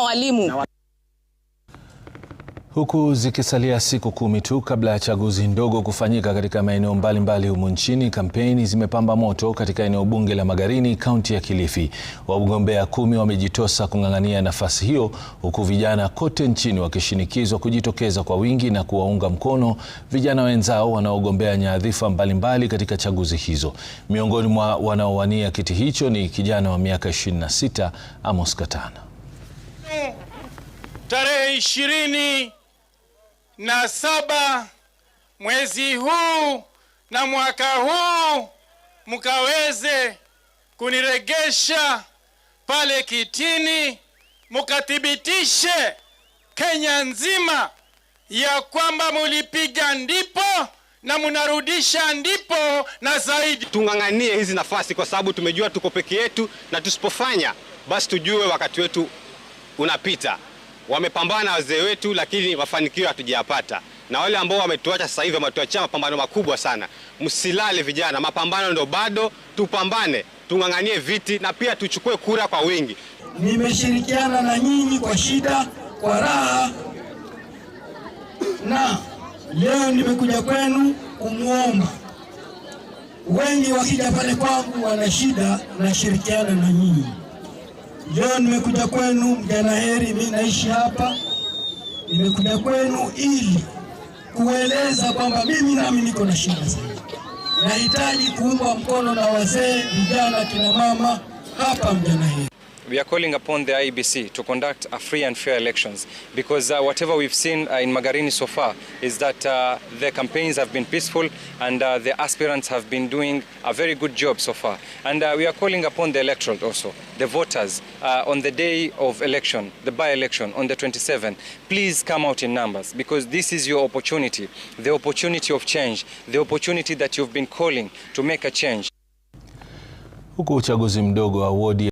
kama walimu. Huku zikisalia siku kumi tu kabla ya chaguzi ndogo kufanyika katika maeneo mbalimbali humu nchini, kampeni zimepamba moto katika eneo bunge la Magarini, kaunti ya Kilifi. Wagombea kumi wamejitosa kung'ang'ania nafasi hiyo, huku vijana kote nchini wakishinikizwa kujitokeza kwa wingi na kuwaunga mkono vijana wenzao wanaogombea nyadhifa mbalimbali katika chaguzi hizo. Miongoni mwa wanaowania kiti hicho ni kijana wa miaka 26 Amos Katana tarehe ishirini na saba mwezi huu na mwaka huu mkaweze kuniregesha pale kitini, mukathibitishe Kenya nzima ya kwamba mulipiga ndipo na munarudisha ndipo na zaidi. Tung'ang'anie hizi nafasi, kwa sababu tumejua tuko peke yetu, na tusipofanya basi tujue wakati wetu unapita wamepambana na wazee wetu, lakini mafanikio hatujayapata, na wale ambao wametuacha sasa hivi wametuachia mapambano makubwa sana. Msilale vijana, mapambano ndo bado, tupambane, tung'ang'anie viti na pia tuchukue kura kwa wingi. Nimeshirikiana na nyinyi kwa shida, kwa raha, na leo nimekuja kwenu kumwomba. Wengi wakija pale kwangu wana shida, nashirikiana na nyinyi. Leo nimekuja kwenu mjana heri, mimi naishi hapa, nimekuja kwenu ili kueleza kwamba mimi nami niko na shida zaidi, nahitaji kuungwa mkono na wazee, vijana, kina mama hapa mjana heri we are calling upon the IBC to conduct a free and fair elections because uh, whatever we've seen uh, in Magarini so far is that uh, the campaigns have been peaceful and uh, the aspirants have been doing a very good job so far. And uh, we are calling upon the electorate also, the voters, uh, on the day of election, the by-election on the 27th, please come out in numbers because this is your opportunity, the opportunity of change, the opportunity that you've been calling to make a change. Huku uchaguzi mdogo wa wodi